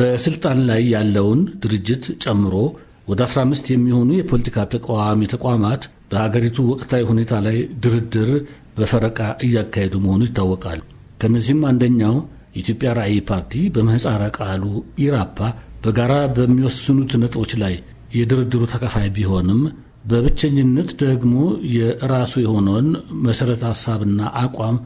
በስልጣን ላይ ያለውን ድርጅት ጨምሮ ወደ 15 የሚሆኑ የፖለቲካ ተቃዋሚ ተቋማት በሀገሪቱ ወቅታዊ ሁኔታ ላይ ድርድር በፈረቃ እያካሄዱ መሆኑ ይታወቃል። ከነዚህም አንደኛው የኢትዮጵያ ራዕይ ፓርቲ በምህፃረ ቃሉ ኢራፓ በጋራ በሚወስኑት ነጥቦች ላይ የድርድሩ ተካፋይ ቢሆንም በብቸኝነት ደግሞ የራሱ የሆነውን መሠረተ ሐሳብና አቋም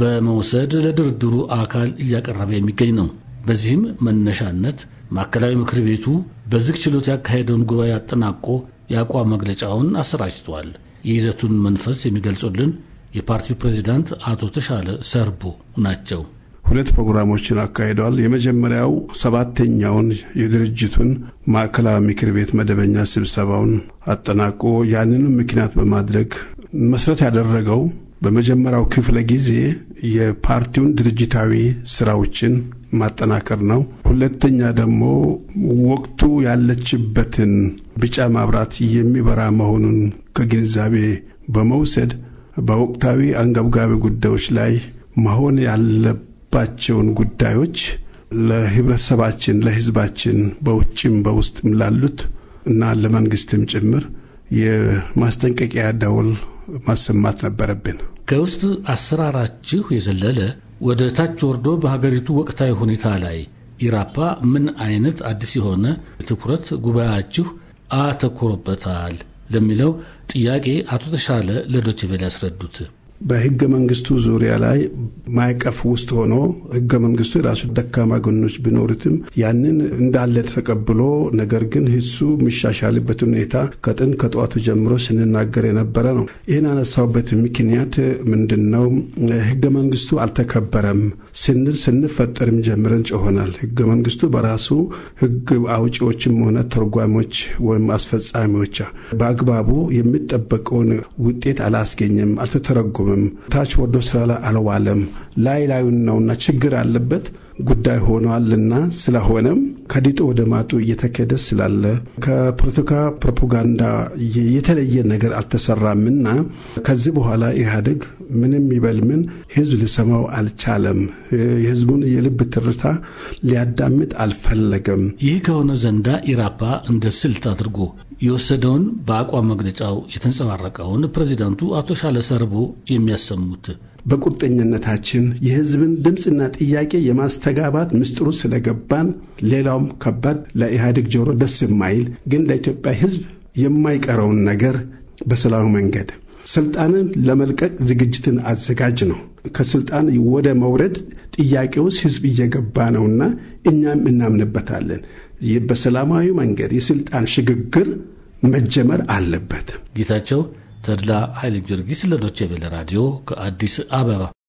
በመውሰድ ለድርድሩ አካል እያቀረበ የሚገኝ ነው። በዚህም መነሻነት ማዕከላዊ ምክር ቤቱ በዝግ ችሎት ያካሄደውን ጉባኤ አጠናቆ የአቋም መግለጫውን አሰራጭቷል። የይዘቱን መንፈስ የሚገልጹልን የፓርቲው ፕሬዚዳንት አቶ ተሻለ ሰርቦ ናቸው። ሁለት ፕሮግራሞችን አካሂደዋል። የመጀመሪያው ሰባተኛውን የድርጅቱን ማዕከላዊ ምክር ቤት መደበኛ ስብሰባውን አጠናቆ ያንንም ምክንያት በማድረግ መሰረት ያደረገው በመጀመሪያው ክፍለ ጊዜ የፓርቲውን ድርጅታዊ ስራዎችን ማጠናከር ነው። ሁለተኛ ደግሞ ወቅቱ ያለችበትን ቢጫ ማብራት የሚበራ መሆኑን ከግንዛቤ በመውሰድ በወቅታዊ አንገብጋቢ ጉዳዮች ላይ መሆን ያለባቸውን ጉዳዮች ለህብረተሰባችን፣ ለህዝባችን በውጭም በውስጥም ላሉት እና ለመንግስትም ጭምር የማስጠንቀቂያ ደውል ማሰማት ነበረብን። ከውስጥ አሰራራችሁ የዘለለ ወደ ታች ወርዶ በሀገሪቱ ወቅታዊ ሁኔታ ላይ ኢራፓ ምን አይነት አዲስ የሆነ ትኩረት ጉባኤያችሁ አተኩሮበታል ለሚለው ጥያቄ አቶ ተሻለ ለዶችቬል ያስረዱት በህገ መንግስቱ ዙሪያ ላይ ማዕቀፍ ውስጥ ሆኖ ህገ መንግስቱ የራሱ ደካማ ጎኖች ቢኖሩትም ያንን እንዳለ ተቀብሎ ነገር ግን ህሱ የሚሻሻልበት ሁኔታ ከጥን ከጠዋቱ ጀምሮ ስንናገር የነበረ ነው። ይህን አነሳውበት ምክንያት ምንድን ነው? ህገ መንግስቱ አልተከበረም ስንል ስንፈጠርም ጀምረን ጮሆናል። ህገ መንግስቱ በራሱ ህግ አውጪዎችም ሆነ ተርጓሚዎች ወይም አስፈጻሚዎች በአግባቡ የሚጠበቀውን ውጤት አላስገኘም፣ አልተተረጎመም አልቆምም፣ ታች ወርዶ ስራ ላይ አልዋለም፣ ላይ ላዩን ነውና ችግር አለበት ጉዳይ ሆኗልና ስለሆነም ከዲጦ ወደ ማጡ እየተከደ ስላለ ከፖለቲካ ፕሮፓጋንዳ የተለየ ነገር አልተሰራምና ከዚህ በኋላ ኢህአዴግ ምንም ይበል ምን ህዝብ ሊሰማው አልቻለም። የህዝቡን የልብ ትርታ ሊያዳምጥ አልፈለገም። ይህ ከሆነ ዘንዳ ኢራፓ እንደ ስልት አድርጎ የወሰደውን በአቋም መግለጫው የተንጸባረቀውን ፕሬዚዳንቱ አቶ ሻለ ሰርቦ የሚያሰሙት በቁርጠኝነታችን የህዝብን ድምፅና ጥያቄ የማስተጋባት ምስጢሩ ስለገባን ሌላውም ከባድ ለኢህአዴግ ጆሮ ደስ የማይል ግን ለኢትዮጵያ ህዝብ የማይቀረውን ነገር በሰላማዊ መንገድ ስልጣንን ለመልቀቅ ዝግጅትን አዘጋጅ ነው። ከስልጣን ወደ መውረድ ጥያቄ ውስጥ ህዝብ እየገባ ነውና እኛም እናምንበታለን። በሰላማዊ መንገድ የስልጣን ሽግግር መጀመር አለበት። ጌታቸው ተድላ ኃይለ ጊዮርጊስ ለዶቼ ቬለ ራዲዮ ከአዲስ አበባ